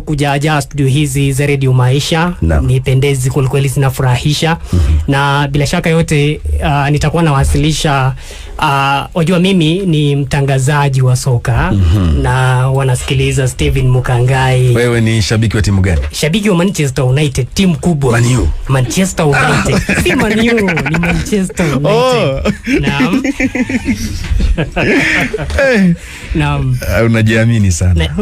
kujaja studio hizi za Radio Maisha no. Ni pendezi kwelikweli, zinafurahisha mm -hmm. Na bila shaka yote uh, nitakuwa nawasilisha uh, wajua, uh, mimi ni mtangazaji wa soka mm -hmm. Na wanasikiliza Steven Mukangai. Wewe ni shabiki wa timu gani? Shabiki wa Manchester United, timu kubwa Man U. Manchester United Ah. si Man U, ni Manchester oh. United oh. Naam. Eh. Naam. Ah, unajiamini sana Na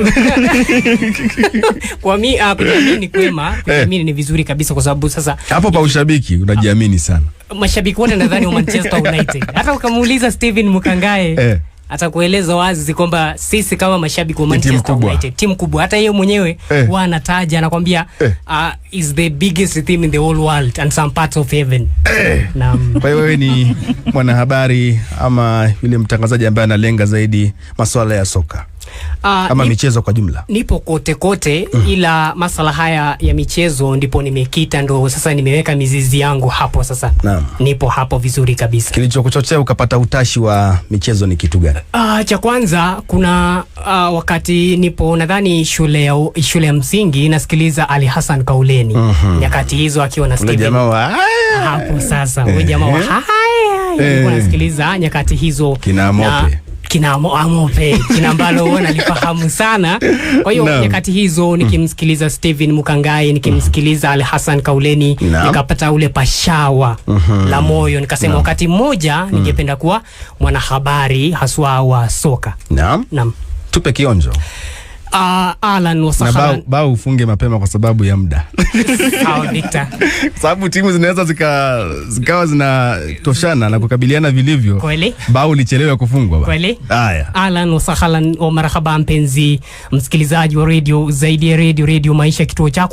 Kwa mi, uh, kujiamini kwema, eh. kujiamini ni vizuri kabisa kwa sababu sasa hapo pa ushabiki unajiamini sana. Mashabiki wote nadhani wa Manchester United. Hata ukamuuliza Steven Mukangae eh, atakueleza wazi kwamba sisi kama mashabiki wa Manchester United, timu kubwa, hata yeye mwenyewe eh, huwa anataja anakwambia eh, uh, is the biggest team in the whole world and some parts of heaven. Eh. Naam. Kwa hiyo wewe ni mwanahabari ama yule mtangazaji ambaye analenga zaidi masuala ya soka. Uh, ama nip, michezo kwa jumla nipo kote kote mm. Ila masala haya ya michezo ndipo nimekita, ndo sasa nimeweka mizizi yangu hapo sasa na. Nipo hapo vizuri kabisa. Kilichokuchochea ukapata utashi wa michezo ni kitu gani? Uh, cha kwanza kuna uh, wakati nipo nadhani shule ya shule ya msingi nasikiliza Ali Hassan Kauleni mm -hmm. Nyakati hizo akiwa na hapo sasa, wewe jamaa wa haya eh. eh. nasikiliza nyakati hizo kina Mope kina Amope, jina ambalo huwa nalifahamu sana. Kwa hiyo nyakati hizo mm. nikimsikiliza Steven Mukangai, nikimsikiliza mm. Ali Hassan Kauleni no. nikapata ule pashawa mm -hmm. la moyo, nikasema no. wakati mmoja mm. ningependa kuwa mwanahabari haswa wa soka. Naam. Naam. Tupe kionjo. Uh, ah, ahlan wa sahlan. Bao ufunge mapema kwa sababu ya muda. Sawa Victor. Sababu timu zinaweza zika zikawa zinatoshana na kukabiliana vilivyo. Kweli. Bao lichelewe kufungwa. Kweli. Haya. Ahlan wa sahlan marhaba mpenzi msikilizaji wa radio zaidi ya radio, radio maisha kituo chako.